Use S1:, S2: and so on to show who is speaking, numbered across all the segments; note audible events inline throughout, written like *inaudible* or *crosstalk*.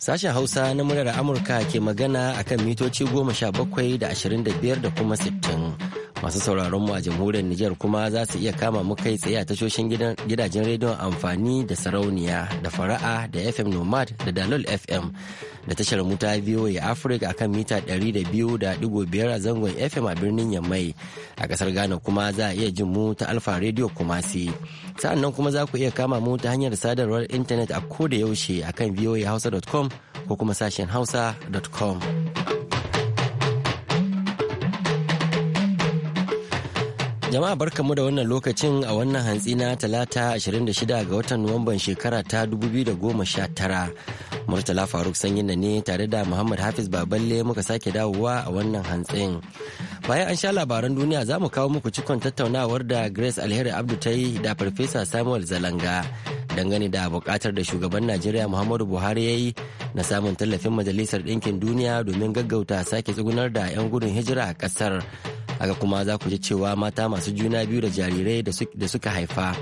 S1: Sashen Hausa na murar Amurka ke magana akan mitoci goma sha bakwai da ashirin da biyar da kuma sittin. masu sauraron mu a jamhuriyar Nijar kuma za su iya kama mu kai tsaye a tashoshin gidajen rediyon amfani da sarauniya da fara'a da FM Nomad da Dalol FM da tashar mu ta VOA Africa akan mita 200.5 a zangon FM a birnin Yammai a kasar Ghana kuma za a iya jin mu ta Alfa Radio Kumasi sa'annan kuma za ku iya kama mu ta hanyar sadarwar intanet a koda yaushe akan voahausa.com ko kuma sashen hausa.com. Jama'a barkamu da wannan lokacin a wannan hantsi na talata 26 ga watan Nuwamban shekara ta 2019. Murtala Faruk sanyi na ne tare da Muhammad Hafiz Baballe muka sake dawowa a wannan hantsin. Bayan an sha labaran duniya za mu kawo muku cikon tattaunawar da Grace Alheri Abdu ta yi da Farfesa Samuel Zalanga. dangane da bukatar da shugaban najeriya muhammadu buhari ya yi na samun tallafin majalisar ɗinkin duniya domin gaggauta sake tsugunar da 'yan gudun hijira a ƙasar haka kuma za ku ji cewa mata masu juna biyu da jarirai da suka haifa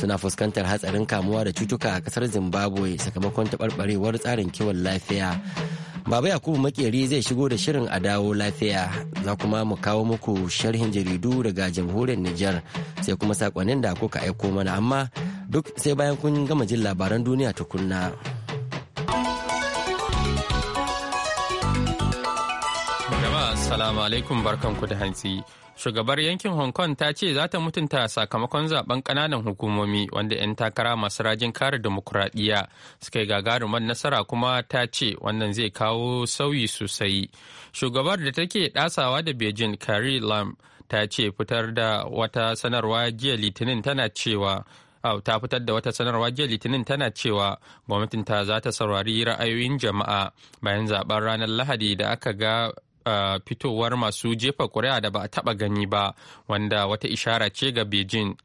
S1: suna fuskantar hatsarin kamuwa da cutuka a kasar zimbabwe sakamakon taɓarɓarewar tsarin kiwon lafiya Baba Yakubu Makeri zai shigo da shirin a dawo lafiya za kuma mu kawo muku sharhin jaridu daga jamhuriyar Nijar sai kuma sakonnin da kuka aiko mana amma duk sai bayan kun gama jin labaran duniya tukunna.
S2: Assalamu alaikum barkanku da hantsi. Shugabar yankin Hong Kong ta ce za ta mutunta sakamakon zaben kananan hukumomi wanda 'yan takara masu rajin kare demokuraɗiyya suka yi gagarumar nasara kuma ta ce wannan zai kawo sauyi sosai. Shugabar da take ɗasawa da Beijing Carrie Lam ta ce fitar da wata sanarwa jiya Litinin tana cewa ta fitar da wata sanarwa jiya litinin tana cewa gwamnatin za ta saurari ra'ayoyin jama'a bayan zaben ranar lahadi da aka ga Eh, fitowar masu jefa kuri'a da ba a taɓa gani ba wanda wata ishara ce ga beijing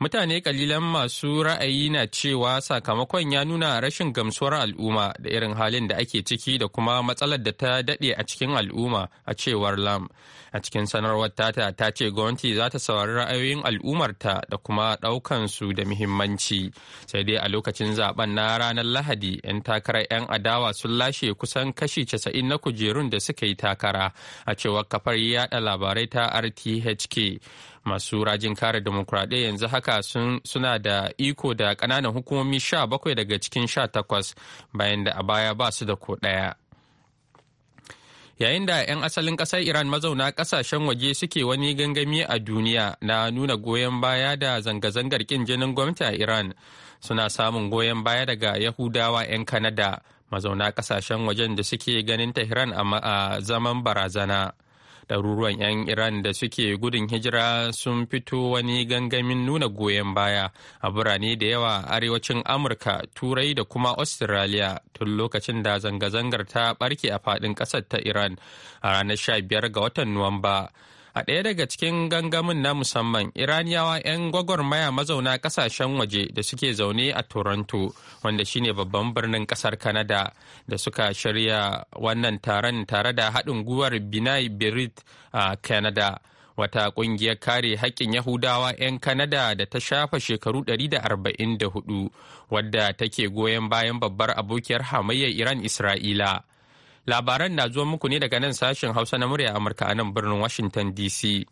S2: mutane kalilan masu ra'ayi na cewa sakamakon ya nuna rashin gamsuwar al'umma da irin halin da ake ciki da kuma matsalar da ta daɗe a cikin al'umma a cewar lam a cikin sanarwar tata ta ce gwamnati za ta saurari ra'ayoyin al'ummarta da kuma ɗaukan su da muhimmanci sai dai a lokacin zaben na ranar lahadi 'yan takarar 'yan adawa sun lashe kusan kashi 90 na kujerun da suka yi takara a cewar kafar yada labarai ta rthk masu rajin kare demokuraɗe yanzu haka suna da iko da ƙananan hukumomi 17 daga cikin 18 bayan da a baya ba su da ko ɗaya. yayin da 'yan asalin ƙasar iran mazauna ƙasashen waje suke wani gangami a duniya na nuna goyon baya da zanga-zangar kin jinin gwamnati a iran suna samun goyon baya daga yahudawa 'yan kanada mazauna ƙasashen wajen da suke ganin tehran a zaman barazana ɗaruruwan 'yan iran da suke gudun hijira sun fito wani gangamin nuna goyon baya a birane da yawa arewacin amurka turai da kuma australia tun lokacin da zanga-zangar ta barke a faɗin ƙasar ta iran a ranar 15 ga watan nuwamba. A ɗaya daga cikin gangamin na musamman, Iraniyawa 'yan gwagwarmaya mazauna ƙasashen waje da suke zaune a Toronto, wanda shine babban birnin ƙasar kanada da suka shirya wannan taron tare da haɗin guwar Binai Berit a kanada Wata ƙungiyar kare haƙƙin Yahudawa 'yan kanada da ta shafa shekaru 144, wadda take goyon bayan babbar abokiyar hamayyar Iran Isra'ila. Labaran na zuwa muku ne daga nan sashen Hausa na murya Amurka a nan birnin Washington DC.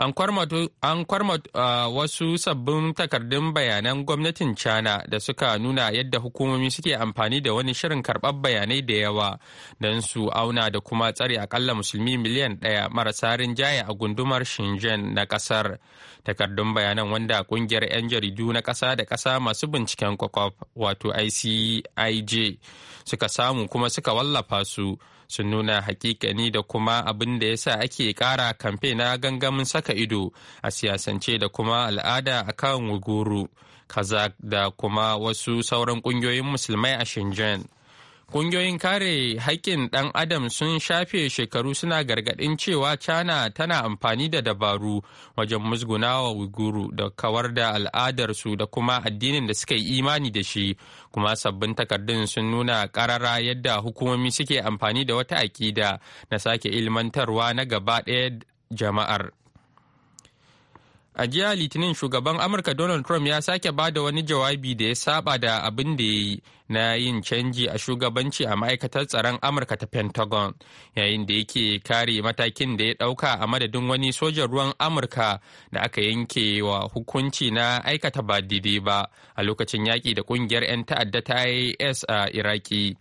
S2: an uh, wasu sabbin takardun bayanan gwamnatin china da suka nuna yadda hukumomi suke amfani da wani shirin karɓar bayanai da yawa don su auna da kuma tsare akalla musulmi miliyan ɗaya marasa rinjaye a gundumar shenzhen na ƙasar takardun bayanan wanda ƙungiyar 'yan jaridu na ƙasa da ƙasa masu binciken kwakwaf wato icij suka samu kuma suka wallafa su sun nuna hakikani da kuma abin da ya sa ake kara kamfe na gangamin saka ido a siyasance da kuma al'ada a kan wuguru kazak da kuma wasu sauran kungiyoyin musulmai a shenzhen Ƙungiyoyin kare haƙƙin ɗan adam sun shafe shekaru suna gargaɗin cewa China tana amfani da dabaru wajen musgunawa Uiguru da kawar da al'adarsu da kuma addinin da suka yi imani da shi, kuma sabbin takardun sun nuna ƙarara yadda hukumomi suke amfani da wata aƙida na sake ilmantarwa na gaba ɗaya jama'ar. A jiya Litinin shugaban Amurka Donald Trump ya sake bada wani jawabi da ya saba da abin da ya yi na yin canji a shugabanci a ma'aikatar tsaron Amurka ta Pentagon, yayin da yake kare matakin da ya dauka a madadin wani sojan ruwan Amurka da aka yanke wa hukunci na aikata ba daidai ba a lokacin yaƙi da ƙungiyar 'yan ta'adda ta IS a Iraki.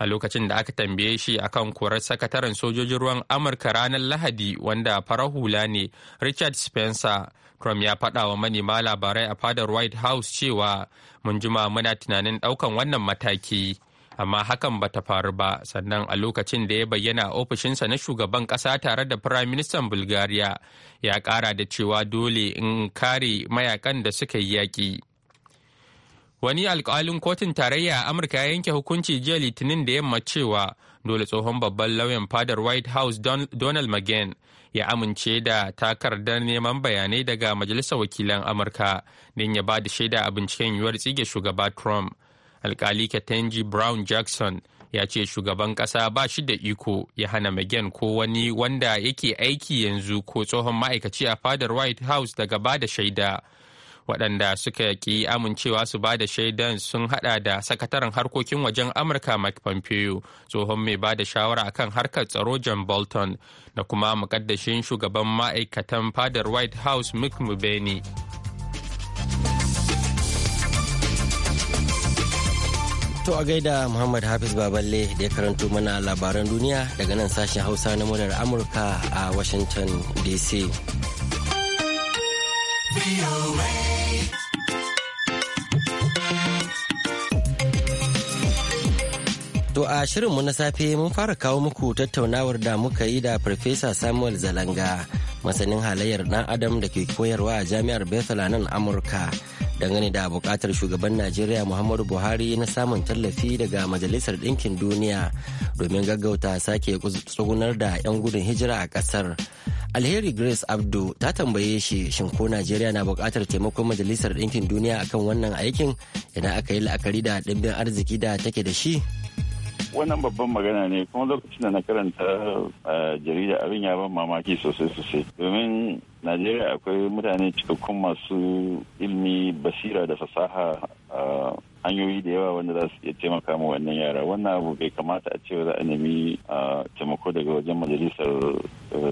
S2: a lokacin da aka tambaye shi akan korar sakataren sojojin ruwan amurka ranar lahadi wanda farar hula ne richard spencer trump ya faɗa wa manema labarai a fadar white house cewa mun jima muna tunanin ɗaukan wannan mataki amma hakan ba ta faru ba sannan a lokacin da ya bayyana ofishinsa na shugaban ƙasa tare da firaministan bulgaria ya ƙara da cewa dole in kare mayakan da suka yi yaƙi Wani alkalin kotun tarayya a Amurka ya yanke hukunci jiya Litinin da yamma cewa dole tsohon babban lauyan fadar White House Donald mcgain ya amince da takardar neman bayanai daga Majalisar Wakilan Amurka don ya ba da shaida a binciken yiwuwar tsige shugaba Trump. Alkali katenji Brown Jackson ya ce shugaban kasa ba shi da iko ya hana mcgain ko wani wanda yake aiki yanzu ko tsohon ma'aikaci a fadar White House daga ba da shaida. waɗanda suka ki amincewa su ba da shaidan sun hada da sakataren harkokin wajen amurka mike pompeo tsohon mai ba da shawara akan harkar tsaro john bolton da kuma mukaddashin shugaban ma'aikatan fadar white house mick mubeni
S1: To a gaida Muhammad Hafiz Baballe da ya karanto mana labaran duniya daga nan sashen Hausa na murar Amurka a Washington DC. To a shirinmu na safe mun fara kawo muku tattaunawar da muka yi da Farfesa Samuel Zalanga, masanin halayyar ɗan Adam da ke koyarwa a Jami'ar Bethel nan Amurka. Dangane da buƙatar shugaban Najeriya Muhammadu Buhari na samun tallafi daga Majalisar Ɗinkin Duniya domin gaggauta sake tsugunar da 'yan gudun hijira a ƙasar. Alheri Grace Abdu ta tambaye shi shin ko Najeriya na buƙatar taimakon Majalisar Ɗinkin Duniya akan wannan aikin idan aka yi la'akari da ɗimbin arziki da take da shi.
S3: wannan babban magana ne kuma lokacin da na karanta a eh, jarida abin ya ban mamaki sosai sosai domin najeriya akwai mutane cikakkun masu ilmi basira da fasaha eh, hanyoyi da yawa wanda za su iya taimaka wa wannan yara wannan abu bai kamata a cewa za a nemi eh, taimako daga wajen majalisar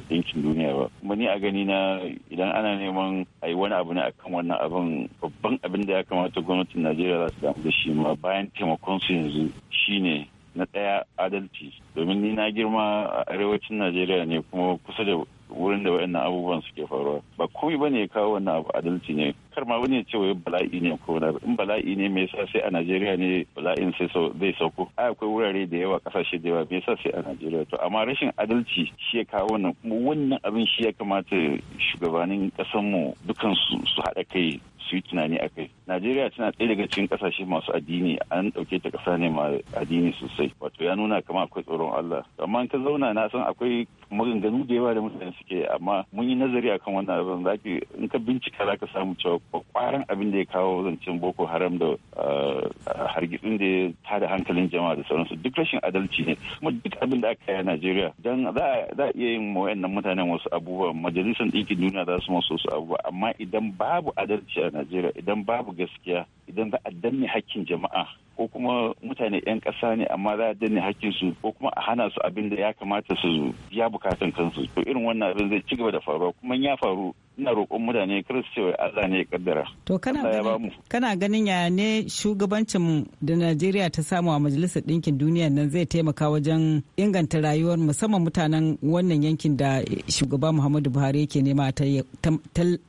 S3: ɗinkin duniya ba kuma ni a gani na idan ana neman a yi wani abu ne akan wannan abin babban abin da ya kamata gwamnatin najeriya za su damu da shi ma bayan taimakon su yanzu shine na ɗaya adalci domin ni na girma a arewacin najeriya ne kuma kusa da wurin da waɗannan abubuwan suke faruwa ba komai bane ya kawo wannan abu adalci ne kar ma wani ya ce wai bala'i ne ko na in bala'i ne me yasa sai a Najeriya ne bala'in sai zai sauko ai akwai wurare da yawa kasashe da yawa me yasa sai a Najeriya to amma rashin adalci shi ya kawo wannan kuma wannan abin shi ya kamata shugabannin ƙasar mu dukan su su haɗa kai su yi tunani a kai najeriya tana ɗaya daga cikin ƙasashe masu addini an ɗauke ta ƙasa ne masu addini sosai wato ya nuna kama akwai tsoron allah amma ka zauna na san akwai maganganu da yawa da mutane suke amma mun yi nazari akan wannan abin za ki in ka bincika za ka samu cewa kwaran abin da ya kawo zancen boko haram da eh, hargitsin da ya tada hankalin jama'a da sauransu duk rashin adalci ne kuma duk abin da aka yi a najeriya dan za a iya yin wa'annan mutanen wasu abubuwa majalisar ɗinkin duniya za su masu wasu abubuwa amma idan babu adalci a najeriya idan babu gaskiya idan za a danne hakkin jama'a ko kuma mutane 'yan ƙasa ne amma za a danne hakkin su ko kuma a hana su abin da ya kamata su ya bukatan kansu to irin wannan abin zai ci gaba da faruwa kuma ya faru ina roƙon mutane kar su cewa Allah ne ya kaddara to kana ganin
S4: kana ganin ya ne shugabancin da Najeriya ta samu a majalisar ɗinkin duniya nan zai taimaka wajen inganta rayuwar musamman mutanen wannan yankin da shugaba Muhammadu Buhari yake nema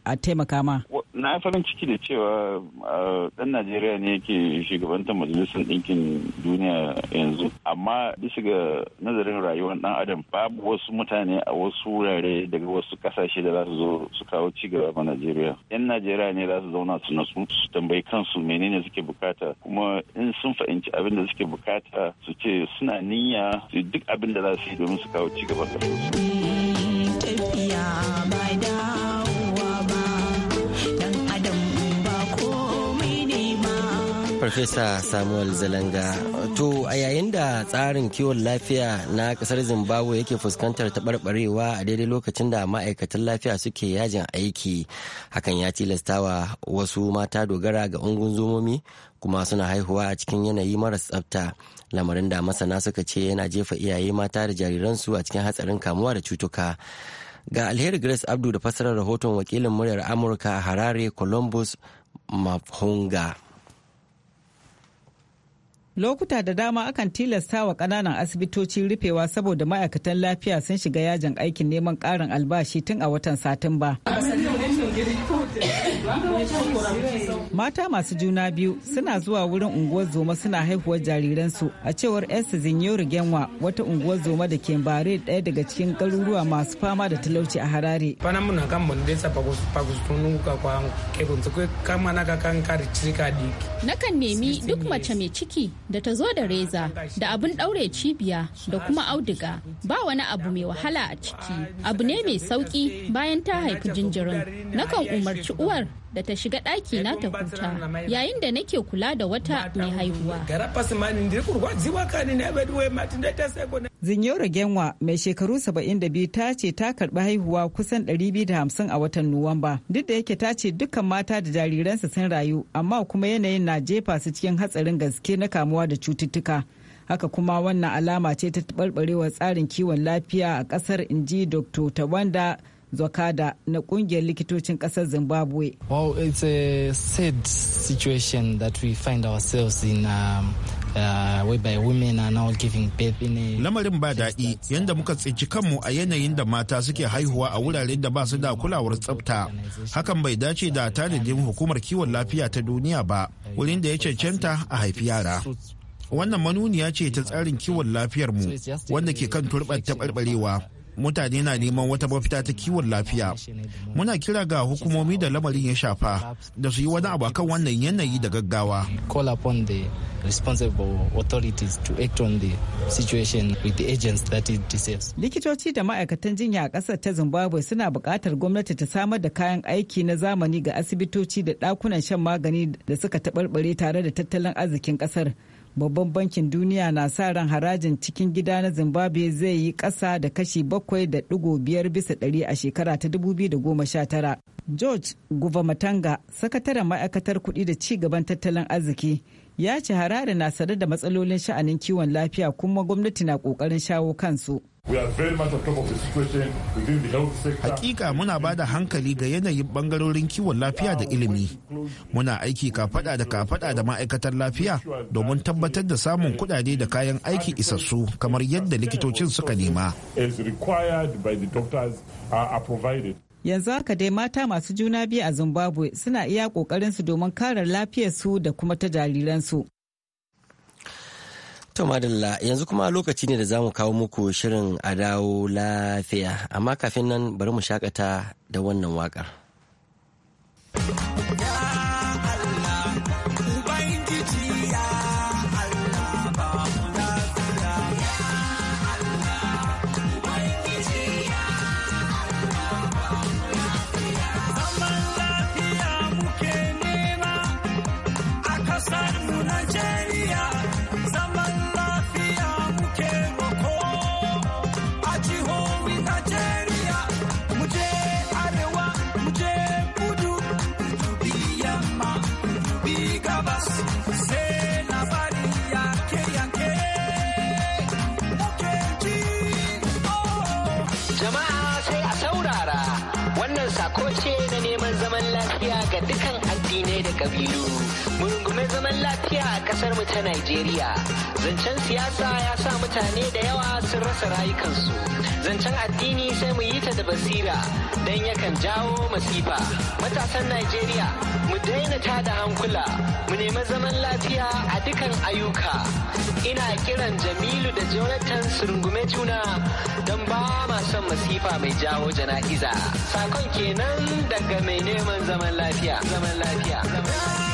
S4: a taimaka ma
S3: na farin ciki da cewa ɗan najeriya ne yake shugabantar majalisar ɗinkin duniya yanzu amma bisa ga nazarin rayuwar ɗan adam babu wasu mutane a wasu wurare daga wasu kasashe da za su zo su kawo ci gaba najeriya yan najeriya ne za su zauna su nasu su tambayi kansu menene suke bukata kuma in sun fahimci abin da suke bukata su ce suna niyya su duk abin da za su yi domin su kawo ci gaba
S1: Farfesa Samuel Zalanga. To a yayin da tsarin kiwon lafiya na kasar Zimbabwe yake fuskantar taɓarɓarewa a daidai lokacin da ma'aikatan lafiya suke yajin aiki. Hakan ya tilastawa wasu mata dogara ga ungunzomomi kuma suna haihuwa a cikin yanayi maras tsafta. Lamarin da masana suka ce yana jefa iyaye mata da jariransu a cikin hatsarin kamuwa da cutuka. Ga alheri Grace Abdu da fassarar rahoton wakilin muryar Amurka a Harare, Columbus, mahunga
S4: lokuta da dama akan tilasta wa kananan asibitoci rufewa saboda ma'aikatan lafiya sun shiga yajin aikin neman ƙarin albashi tun a watan satumba. Mata masu juna biyu suna zuwa wurin unguwar zoma suna haihuwar jariransu a cewar Esther Zinyori Genwa wata unguwar zoma da ke bare daya daga cikin garuruwa masu fama da talauci a Harare.
S5: Fana muna kan mun ka kwa kebun su kama na kan kare cika diki.
S4: Nakan nemi duk mace mai ciki da ta zo da reza da abun daure cibiya da kuma auduga ba wani abu mai wahala a ciki abu ne mai sauki bayan ta haifi jinjirin. Nakan umarci uwar da ta shiga ɗaki na ta huta yayin da nake kula da wata mai haihuwa. Zinyora Genwa mai shekaru 72 ta ce ta karɓi haihuwa kusan 250 a watan Nuwamba. Duk da yake ta ce dukkan mata da jariransa sun rayu amma kuma yanayin na jefa su cikin hatsarin gaske na kamuwa da cututtuka. haka kuma wannan alama ce ta taɓarɓarewar tsarin kiwon lafiya a ƙasar inji dr tawanda zokada na kungiyar likitocin kasar Zimbabwe.
S5: Well, it's a sad situation that we find ourselves in um, uh, Lamarin ba daɗi yadda uh, muka tsinci kanmu a yanayin da mata suke haihuwa a wuraren da ba su da kulawar tsafta. Hakan bai dace da tanadin hukumar kiwon lafiya ta duniya ba, wurin da ya cancanta a haifi yara. Wannan manuniya ce ta tsarin kiwon lafiyar mu wanda ke kan turɓar taɓarɓarewa. mutane na neman wata mafita ta kiwon lafiya muna kira ga hukumomi da lamarin ya shafa da su yi wani abu kan wannan yanayi da gaggawa the to the situation with
S4: likitoci da ma'aikatan jinya a ƙasar ta zimbabwe suna buƙatar gwamnati ta samar da kayan aiki na zamani ga asibitoci da ɗakunan shan magani da suka taɓarɓare tare da tattalin arzikin ƙasar babban bankin duniya na sa ran harajin cikin gida na zimbabwe zai yi kasa da kashi bakwai da biyar bisa ɗari a shekara ta 2019 george guvamatanga sakataren ma'aikatar kuɗi da ci gaban tattalin arziki ya ce harare na sade da matsalolin sha'anin kiwon lafiya kuma gwamnati na ƙoƙarin shawo kansu
S3: Hakika
S5: muna ba da hankali ga yanayin bangarorin kiwon lafiya da ilimi. Muna aiki kafada da kafada da ma'aikatar lafiya domin tabbatar da samun kudade da kayan aiki isassu kamar yadda likitocin suka nema. Yanzu haka dai mata masu juna biyu a Zimbabwe
S4: suna iya su domin kare lafiyarsu da kuma ta jariransu.
S1: To madalla yanzu kuma lokaci ne da za mu kawo muku shirin a dawo lafiya amma kafin nan bari mu shakata da wannan waƙar.
S6: Maravilhoso. zaman lafiya a kasar mu ta Najeriya. Zancen siyasa ya sa mutane da yawa sun rasa rayukansu. Zancen
S1: addini sai mu yi ta da basira don yakan jawo masifa. Matasan Najeriya mu daina ta da hankula, mu nemi zaman lafiya a dukan ayyuka. Ina kiran Jamilu da Jonathan su rungume juna don ba ma son masifa mai jawo jana'iza. Sakon kenan daga mai neman zaman lafiya. Zaman lafiya. Zaman lafiya.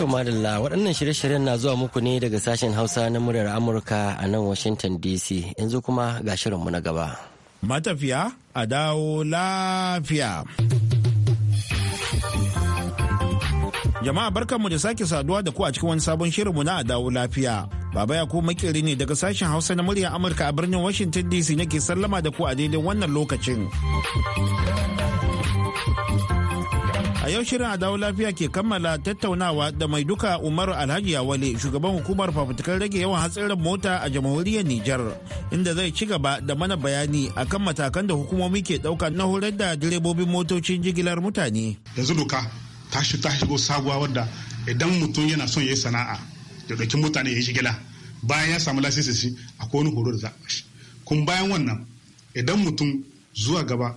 S1: To madalla waɗannan shirye-shiryen na zuwa muku ne daga sashen Hausa na muryar Amurka a nan Washington DC yanzu kuma ga shirinmu na gaba.
S5: Matafiya a dawo lafiya. Jama'a barkanmu da sake saduwa da ku a cikin wani sabon shirinmu na a dawo lafiya. Baba ya ku makeri ne daga sashen Hausa na muryar Amurka a birnin Washington DC nake sallama da ku a daidai wannan lokacin. a yau shirin a dawo lafiya ke kammala tattaunawa da mai duka umaru alhaji yawale shugaban hukumar fafutukar rage yawan hatsarin mota a jamhuriyar nijar inda zai ci gaba da mana bayani akan matakan da hukumomi ke dauka na horar da direbobin motocin jigilar mutane yanzu doka ta ta shigo sabuwa wadda idan mutum yana son ya yi sana'a da dauki mutane ya yi jigila
S7: bayan ya samu lasisi shi akwai wani horo da za a shi kun bayan wannan idan mutum zuwa gaba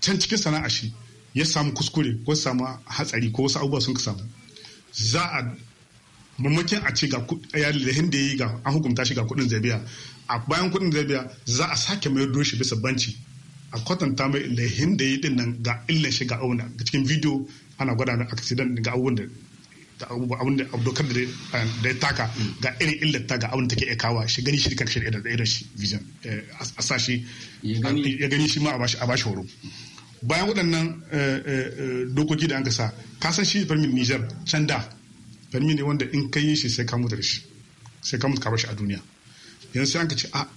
S7: can cikin sana'a shi ya samu kuskure ko samu hatsari ko wasu abubuwa sun ka samu za a mamakin a ce ga yalilahin da ya yi ga an hukunta shi ga kudin zabiya a bayan kudin zabiya za a sake mai doshi bisa banci a kwatanta mai lahin da ya yi dinnan ga illan shi ga auna cikin video ana gwada na accident ga abubuwan da abin da abdokar eh, da ya taka ga irin illar ta ga abin da take kawa shi gani shi kan shirya da irin shi vision eh, a sashi ya gani shi ma a bashi horo bayan waɗannan eh, eh, eh, dokoki da an kasa ka san shi farmin nijar can da farmi ne wanda in ka yi shi sai ka mutu da shi sai ka mutu ka shi a duniya yanzu sai an ka ce a ah,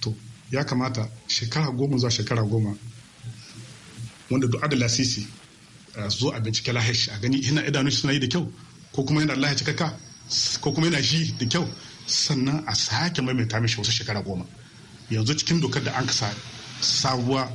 S7: to ya kamata shekara goma zuwa shekara goma wanda duk adala sisi zo a bincike lahashi a gani yana idanun shi suna yi da kyau ko kuma yana lahashi kaka ko kuma yana shi da kyau sannan a sake maimaita mishi wasu shekara goma yanzu cikin dokar da an kasa sabuwa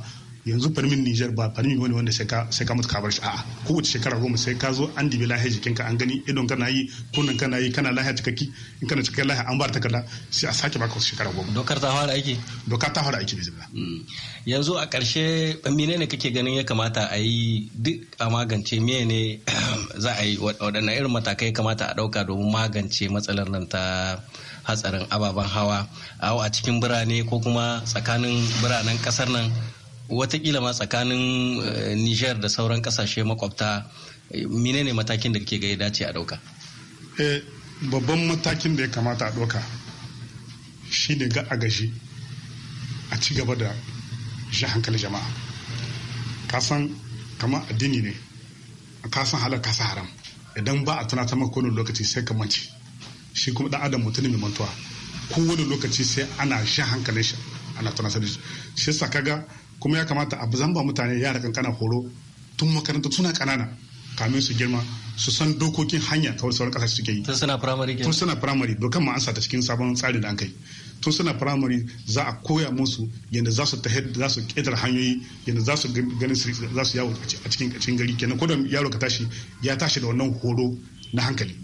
S7: yanzu farmin Niger ba farmin wani wanda sai ka mutu kabar shi a'a kowace shekara goma sai ka zo an dibi lahiyar jikinka an gani idon kana yi kunan kana yi kana lahiyar cikakki in kana cikakken lahiyar an bar takarda sai a sake baka wasu shekara goma dokar ta fara aiki dokar ta fara aiki bismillah hmm.
S6: yanzu a ƙarshe ne kake ganin ya kamata a yi duk a magance ne *clears throat* za a yi waɗanne irin matakai kamata a ɗauka domin magance matsalar nan ta hatsarin ababen hawa a cikin birane ko kuma tsakanin biranen ƙasar nan watakila ma tsakanin eh, niger da sauran kasashe makwabta menene matakin da ke ga ya dace a dauka
S7: eh, babban matakin da ya kamata a ɗauka shi ne ga a gashi a ci gaba da shi hankali jama'a kasan kamar addini ne a kasan halar kasa haram idan ba a tunatar maka wani lokaci sai ka mace shi kuma dan adam mutum mai mantuwa kowane lokaci sai ana shi hankalin shi ana tunatar da shi shi yasa kaga kuma ya kamata a zamba mutane yara kankana horo tun makaranta suna kanana kamin su girma su san dokokin hanya kawai sauran kasashe suke yi tun suna firamare tun suna primary. dokan ma an sa ta cikin sabon tsari da an kai tun suna firamare za a koya musu yadda za su tahe za su ƙetare hanyoyi yadda za su ganin za su yawo a cikin cikin gari kenan ko da yaro ka tashi ya tashi da wannan horo na hankali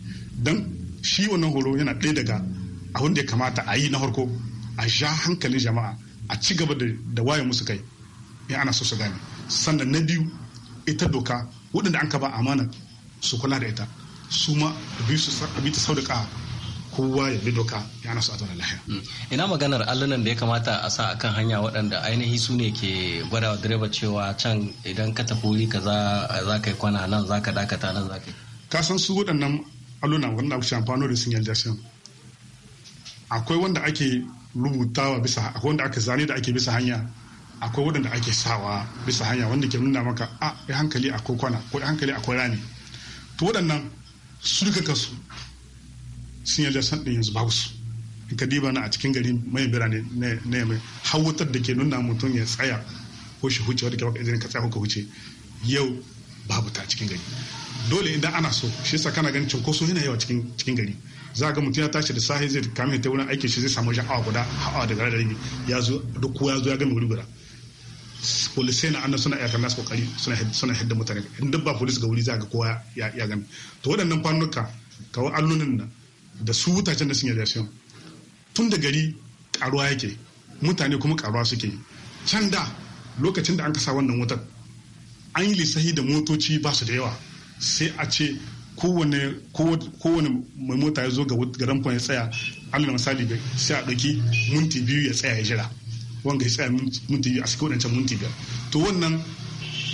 S7: dan shi wannan horo yana ɗaya daga abin da ya kamata a yi na farko a sha hankalin jama'a a ci gaba da waye musu kai ya ana so su gane sannan na biyu ita doka waɗanda an ka ba amana su kula da ita su ma abi ta sauƙaƙa kowa ya bi doka ya ana so a zauna lahiya.
S6: Mm. ina maganar allunan da ya kamata a sa akan hanya waɗanda ainihi su ne ke gwada wa direba cewa can idan ka tafi wuri ka za ka yi kwana nan za ka dakata
S7: nan za ka yi. ka san su waɗannan alluna wanda ake amfano da signalization akwai wanda ake rubutawa bisa akwai wanda aka zane da ake bisa hanya akwai waɗanda ake sawa bisa hanya wanda ke nuna maka a ya hankali akwai kwana ko ya hankali akwai rami to waɗannan su duka kasu sun yi lasan ɗin yanzu babu su in ka diba na a cikin gari mai birane na yamai wutar da ke nuna mutum ya tsaya ko shi huce wadda ke baka izini ka tsaya ko ka huce yau babu ta cikin gari dole idan ana so shi yasa kana ganin cunkoso yana yawa cikin cikin gari za ga mutum ya tashi da sahi zai kamin ta wurin aikin shi zai samu wajen awa guda awa da gara da ya zo duk kowa ya zo ya gami wuri guda polisai na annan suna yakan nasu kokari suna hidda mutane in duk ba polis ga wuri za ga kowa ya gani to waɗannan kwanuka kawo allunan nan da su wutacen da signalization tun da gari karuwa yake mutane kuma karuwa suke can da lokacin da an kasa wannan wutar an yi lissahi da motoci ba su da yawa sai a ce kowane mai mota ya zo ga ramfon ya tsaya allah misali sai a ɗauki minti biyu ya tsaya ya jira wanga ya tsaya minti a cikin wadancan minti biyar to wannan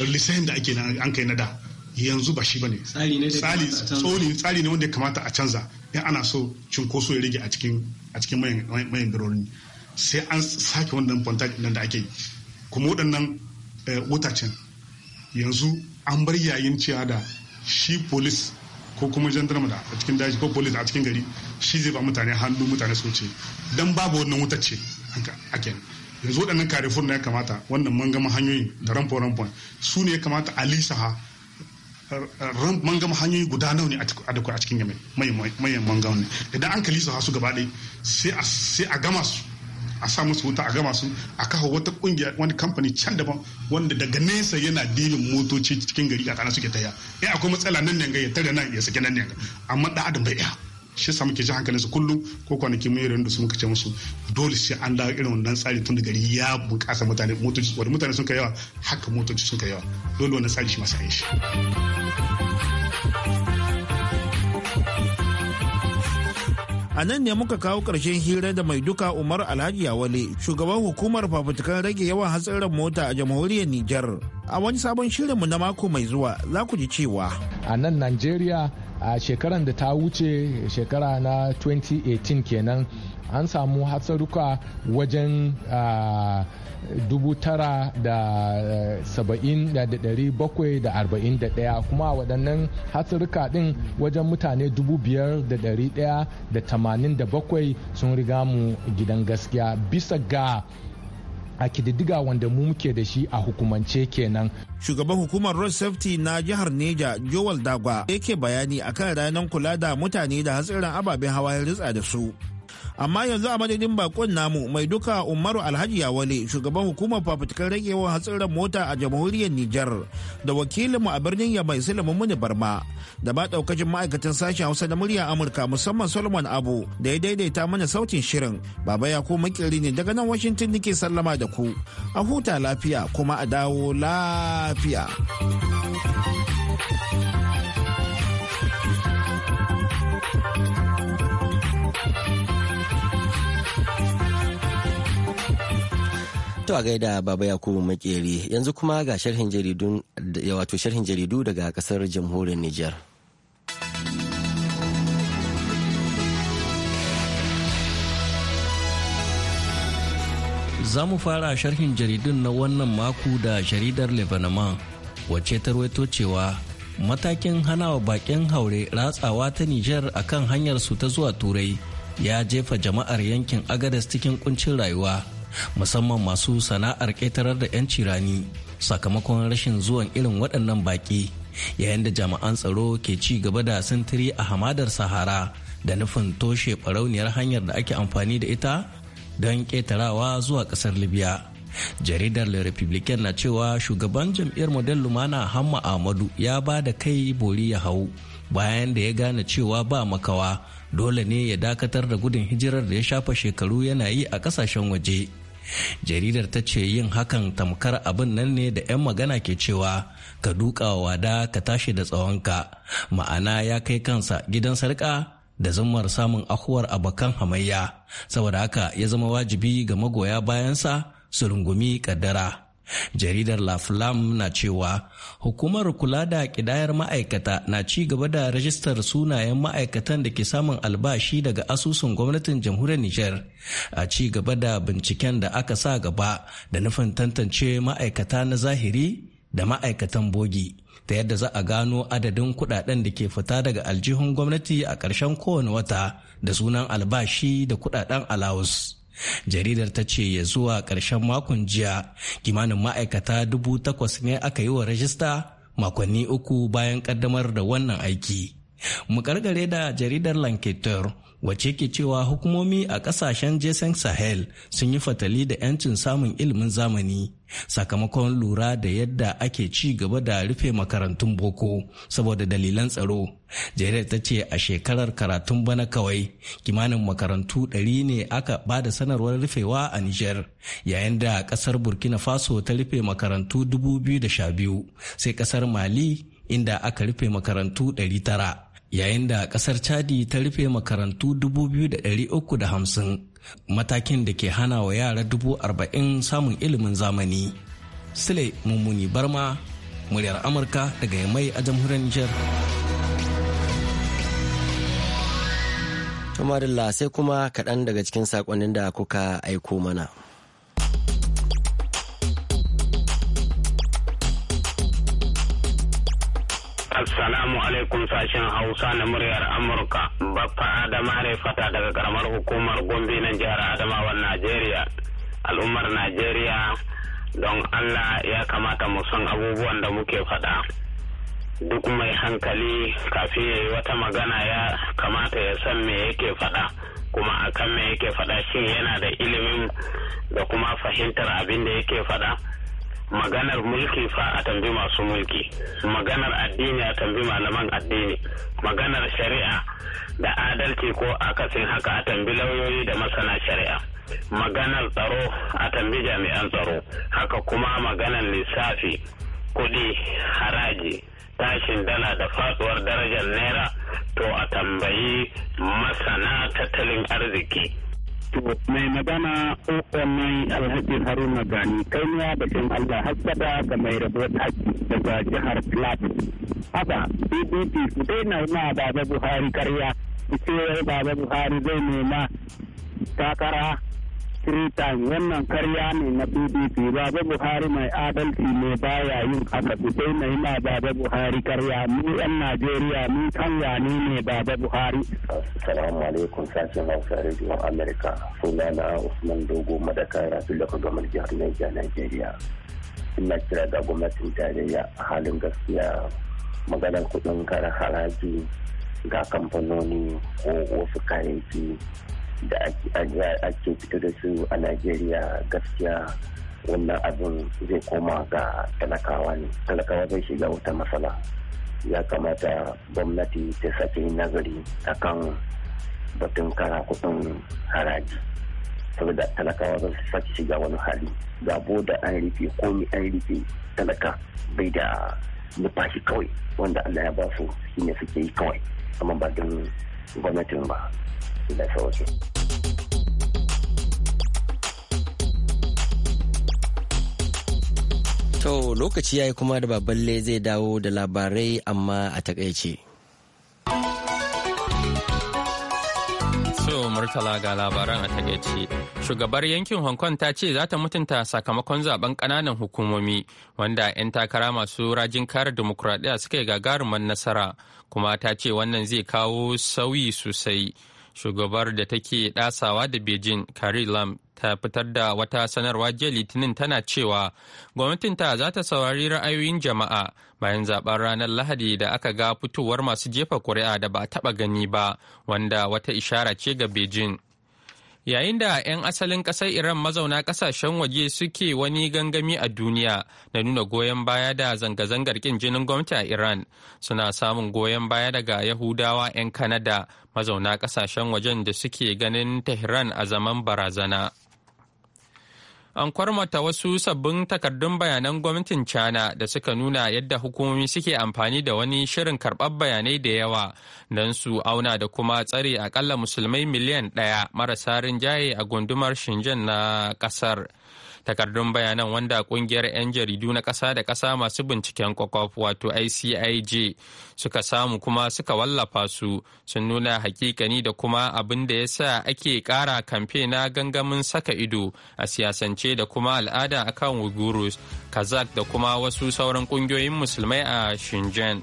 S7: lissahin da ake an kai na da yanzu ba shi bane tsari ne wanda ya kamata a canza in ana so cinkoso ya rage a cikin a cikin mayan birorin sai an sake wannan fontage nan da ake yi kuma waɗannan eh, wutacen yanzu an bar yayin cewa da shi polis ko kuma jandarma da a cikin daji ko polis a cikin gari shi zai ba mutane hannu mutane su ce dan babu wannan wutacce haka a kenan yanzu waɗannan carrefour na ya kamata wannan mangama hanyoyin da rampon rampon su ne ya kamata a lisa lisaha mangama hanyoyi guda nawa ne a da a cikin yamai mayan mangama ne idan an ka lisa ha su gaba ɗaya sai a gama su a sa musu wuta a gama su a kawo wata kungiya wani kamfani can daban wanda daga nesa yana dilin motoci cikin gari a kana suke taya a akwai matsala nan ne ya tare nan ya sake nan ne amma da adam bai iya shi sami ke ji hankalin su kullum ko kwanaki mun yi da su muka ce musu dole sai an dawo irin wannan tsari tun da gari ya bunƙasa mutane motoci wanda mutane sun kai yawa haka motoci sun kai yawa dole wannan tsari shi masa shi
S5: A nan ne muka kawo ƙarshen hira da mai duka Umar Alhaji Yawale, shugaban hukumar fafutukan rage yawan hatsarin mota a jamhuriyar Nijar. A wani sabon shirinmu na mako mai zuwa za ku ji cewa. A
S6: nan Najeriya a shekaran da ta wuce shekara na 2018 kenan an samu hatsaruka wajen dubu daya e, kuma waɗannan hatsaruka ɗin wajen mutane dubu biyar bakwai
S5: sun riga mu gidan gaskiya bisa ga a kididdiga wanda mu muke da shi a hukumance kenan. Shugaban hukumar Road Safety na jihar Neja Joel Dagwa yake bayani akan ranar kula da mutane da hatsirin ababen hawa ya ritsa da su amma yanzu a madadin bakon namu mai duka umaru alhaji yawale shugaban hukumar fafutukar ragewar hatsarin mota a jamhuriyar nijar da wakilinmu a birnin yamai sulaiman muni barma da ba daukacin ma'aikatan sashen hausa da murya amurka musamman solomon abu da ya daidaita mana sautin shirin baba ya ko makiri ne daga nan washington nike sallama da ku a huta lafiya kuma a dawo lafiya.
S1: To a gaida Baba Yakubu Makeri yanzu kuma ga sharhin jaridun wato sharhin jaridu daga kasar jamhuriyar Nijar.
S6: Za mu fara sharhin jaridun na wannan mako da jaridar Lebanon wacce ta rawaito cewa matakin hana wa bakin haure ratsawa ta Nijar kan hanyar su ta zuwa Turai ya jefa jama'ar yankin Agadas cikin kuncin rayuwa. musamman masu sana'ar ƙetarar da 'yanci rani sakamakon rashin zuwan irin waɗannan baƙi yayin da jami'an tsaro ke ci gaba da sintiri a hamadar sahara da nufin toshe ɓarauniyar hanyar da ake amfani da ita don ƙetarawa zuwa ƙasar libya jaridar le republican na cewa shugaban jam'iyyar model lumana hamma ahmadu ya ba da kai bori ya hau bayan da ya gane cewa ba makawa dole ne ya dakatar da gudun hijirar da ya shafa shekaru yana yi a kasashen waje jaridar ta ce yin hakan tamkar abin nan ne da 'yan magana ke cewa ka duka wada ka tashi da tsawonka ma'ana ya kai kansa gidan sarka da zumar samun ahuwar abokan hamayya saboda haka ya zama wajibi ga magoya bayansa su rungumi kaddara jaridar la flam na cewa hukumar kula da kidayar ma'aikata na ci gaba da rajistar sunayen ma'aikatan da ke samun albashi daga asusun gwamnatin jamhuriyar nijar a ci gaba da binciken da aka sa gaba da nufin tantance ma'aikata na zahiri da ma'aikatan bogi ta yadda za a gano adadin kudaden da ke fita daga aljihun gwamnati a ƙarshen kowane wata da sunan albashi da kudaden alawus. jaridar ta ce ya zuwa ƙarshen makon jiya kimanin ma'aikata dubu takwas ne aka yi wa rajista makonni uku bayan ƙaddamar da wannan aiki mu da jaridar lanketer wacce ke cewa hukumomi a kasashen jason sahel sun yi fatali da 'yancin samun ilimin zamani sakamakon lura da yadda ake ci gaba da rufe makarantun boko saboda dalilan tsaro jere ta ce a shekarar karatun bana kawai kimanin makarantu 100 ne aka ba da sanarwar rufewa a niger yayin da kasar burkina faso ta rufe makarantu 2012 sai kasar mali inda aka rufe makarantu 900 yayin da kasar chadi ta rufe makarantu 2,350 matakin da ke hana wa yara 40,000 samun ilimin zamani sule mummuni barma muryar amurka daga yamai a jamhuriyar nijar tumarilla sai kuma kaɗan
S1: daga cikin saƙonin da kuka aiko mana
S5: Assalamu alaikum sashen Hausa na muryar Amurka. Baffa Adama ne fata daga karamar hukumar Gombe na jihar adamawa Najeriya. Al'ummar Najeriya don Allah ya kamata mu san abubuwan da muke faɗa. Duk mai hankali kafin ya yi wata magana ya kamata ya san me yake faɗa. kuma akan me yake faɗa shi yana da ilimin da kuma fahimtar abin da yake faɗa. maganar mulki fa a tambi masu mulki maganar addini a tambi malaman addini maganar shari'a da adalci ko akasin haka a tambi lauyoyi da masana shari'a maganar tsaro a tambi jami'an tsaro haka kuma maganar lissafi kudi haraji tashin dala da faduwar darajar naira to a tambayi masana tattalin arziki To mai magana alhakin Alhaji Haruna Gani kainuwa da cin
S3: Allah hassada ga mai rabo haƙƙi daga jihar Plateau. Haka PDP su daina ma Baba Buhari karya su ce Baba Buhari zai nema takara three times wannan karya ne na pdp baba buhari mai adalci ne baya yin haka sai na yi ma baba buhari karya mu yan najeriya
S5: mu kan wane ne baba buhari
S6: assalamu alaikum sashen hausa radio america sunana usman dogo madaka rafi daga gwamnatin jihar niger nigeria ina kira ga gwamnatin tarayya a halin gaskiya maganar kuɗin kara haraji ga kamfanoni ko wasu kayayyaki da ake fito da su a najeriya gaskiya wannan abin zai koma ga talakawa ne talakawa zai shiga wata matsala ya kamata gwamnati ta sake nazari a kan batun kara kudin haraji saboda talakawa zai sake shiga wani hali gabo da an rufe komi an rufe talaka bai da nufashi kawai wanda allah ya ba su ne suke yi kawai amma ba don gwamnatin ba aiki
S1: To lokaci ya yi kuma da baballe zai dawo da labarai amma a takaice.
S2: Murtala ga labaran a takaice. Shugabar yankin Hong Kong ta ce za ta mutunta sakamakon zaben kananan hukumomi wanda 'yan takara masu rajin kare demokuraɗiyya suka yi gagarumar nasara kuma ta ce wannan zai kawo sauyi sosai. shugabar da take ɗasawa da beijing carrie lam ta fitar da wata sanarwa jiya litinin tana cewa gwamnatinta za ta saurari ra'ayoyin jama'a bayan zaben ranar lahadi da aka ga fitowar masu jefa kuri'a da ba a taba gani ba wanda wata ishara ce ga beijing yayin da 'yan asalin ƙasar iran mazauna ƙasashen waje suke wani gangami a duniya na nuna goyon baya da zanga-zangar ƙin jinin gwamnati a iran suna samun goyon baya daga yahudawa 'yan kanada mazauna ƙasashen wajen da suke ganin tehran a zaman barazana. an kwarmata wasu sabbin takardun bayanan gwamnatin China da suka nuna yadda hukumomi suke amfani da wani shirin karɓar bayanai da yawa don su auna da kuma tsare akalla musulmai miliyan ɗaya marasa rinjaye a gundumar Shenzhen na ƙasar. takardun bayanan wanda kungiyar 'yan jaridu na ƙasa da ƙasa masu binciken kwakwaf wato icij suka samu kuma suka wallafa su sun nuna hakikani da kuma abin da ya sa ake ƙara kamfe na gangamin saka ido a siyasance da kuma al'ada a kan uyghurs kazak da kuma wasu sauran ƙungiyoyin musulmai a shenzhen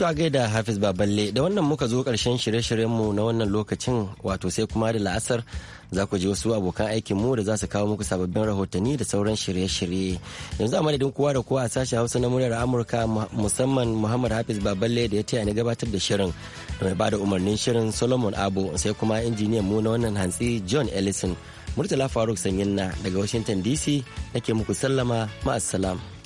S1: To a gaida Hafiz Baballe da wannan muka zo karshen shirye-shiryenmu na wannan lokacin wato sai kuma da la'asar za ku ji wasu abokan aikin mu da za su kawo muku sababbin rahotanni da sauran shirye-shirye. Yanzu a madadin kowa da kowa a sashen Hausa na muryar Amurka musamman Muhammad Hafiz Baballe da ya taya ni gabatar da shirin da mai bada umarnin shirin Solomon Abu sai kuma injiniyan mu na wannan hantsi John Ellison. Murtala Faruk Sanyin na daga Washington DC nake muku sallama ma'assalam.